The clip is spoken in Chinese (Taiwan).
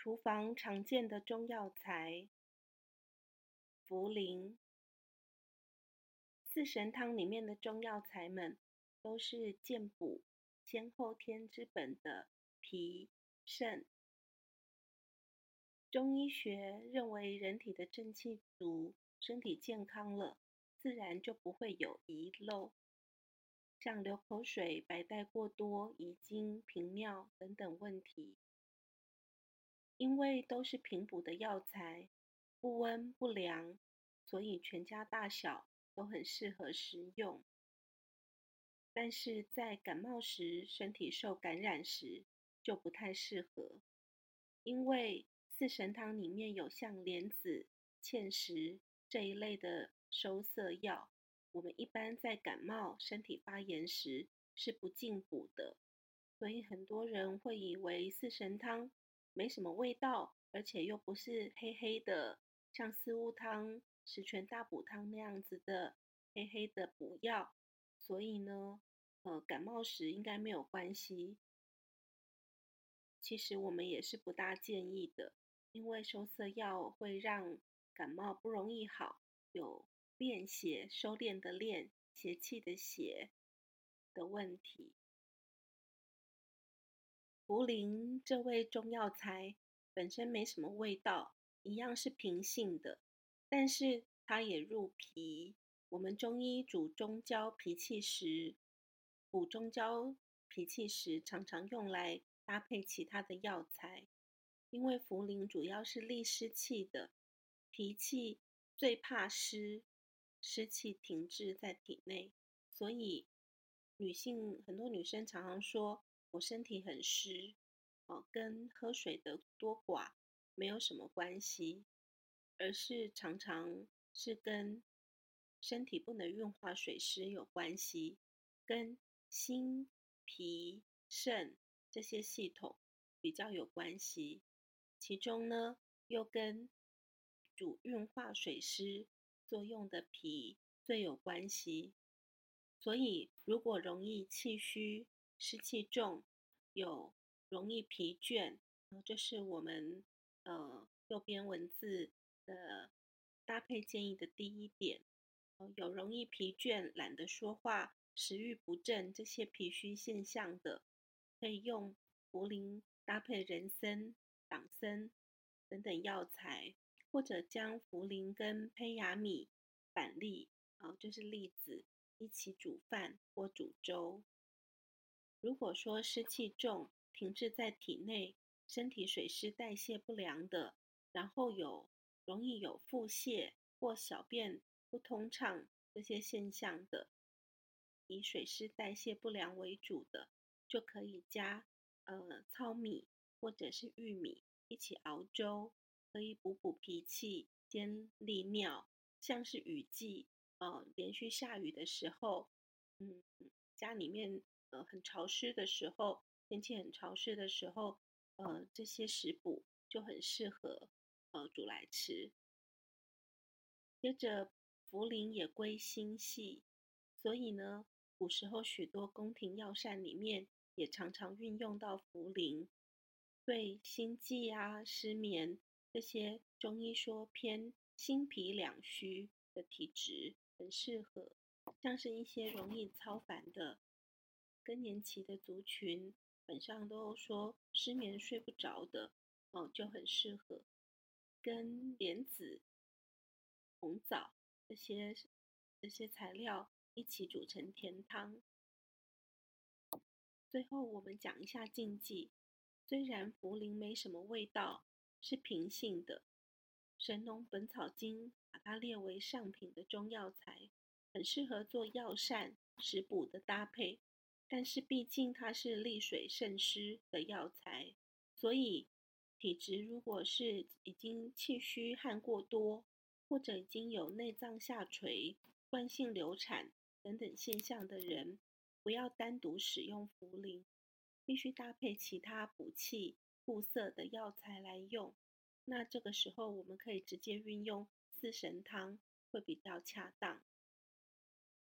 廚房常見的中藥材，茯苓。四神湯裡面的中藥材們，都是健補先後天之本的脾腎。中醫學認為，人體的正氣足，身體健康了，自然就不會有遺漏，像流口水、白帶過多、遺精、頻尿等等問題。因為都是平補的藥材，不溫不涼，所以全家大小都很適合食用。但是在感冒時、身體受感染時就不太適合，因為四神湯裡面有像蓮子、芡實這一類的收澀藥，我們一般在感冒、身體發炎時是不進補的，所以很多人會以為四神湯。沒什麼味道，而且又不是黑黑的，像四物湯、十全大補湯那樣子的黑黑的補藥，所以呢，呃，感冒時應該沒有關係。其實我們也是不大建議的，因為收澀藥會讓感冒不容易好，有斂邪、收斂的斂，邪氣的邪的問題。茯苓這味中藥材本身沒什麼味道，一樣是平性的，但是它也入脾。我們中醫主中焦脾氣時，補中焦脾氣時常常用來搭配其他的藥材，因為茯苓主要是利濕氣的，脾氣最怕濕，濕氣停滯在體內，所以女性很多女生常常說。我身體很濕，哦，跟喝水的多寡沒有什麼關係，而是常常是跟身體不能運化水濕有關係，跟心、脾、腎這些系統比較有關係，其中呢又跟主運化水濕作用的脾最有關係，所以如果容易氣虛。濕氣重，有容易疲倦，這是我們呃右邊文字的搭配建議的第一點。有容易疲倦、懶得說話、食欲不振這些脾虛現象的，可以用茯苓搭配人參、黨參等等藥材，或者將茯苓跟胚芽米、板栗，啊，就是栗子一起煮飯或煮粥。如果說濕氣重，停滯在體內，身體水濕代謝不良的，然後有容易有腹瀉或小便不通暢這些現象的，以水濕代謝不良為主的，就可以加呃糙米，或者是玉米一起熬粥，可以補補脾氣，兼利尿。像是雨季，呃連續下雨的時候，嗯，家裡面。呃，很潮濕的時候，天氣很潮濕的時候，呃，這些食補就很適合，呃，煮來吃。接着，茯苓也歸心系，所以呢，古時候許多宮廷藥膳裡面也常常運用到茯苓，對心悸啊、失眠這些，中醫說偏心脾兩虛的體質很適合，像是一些容易操煩的。更年期的族群，晚上都說失眠睡不着的，哦，就很適合跟蓮子、紅棗這些這些材料一起煮成甜湯。最後我們講一下禁忌，雖然茯苓沒什麼味道，是平性的，《神農本草經》把它列為上品的中藥材，很適合做藥膳食補的搭配。但是畢竟它是利水滲濕的藥材，所以體質如果是已經氣虛汗過多，或者已經有內臟下垂、慣性流產等等現象的人，不要單獨使用茯苓，必須搭配其他補氣固澀的藥材來用。那這個時候我們可以直接運用四神湯會比較恰當。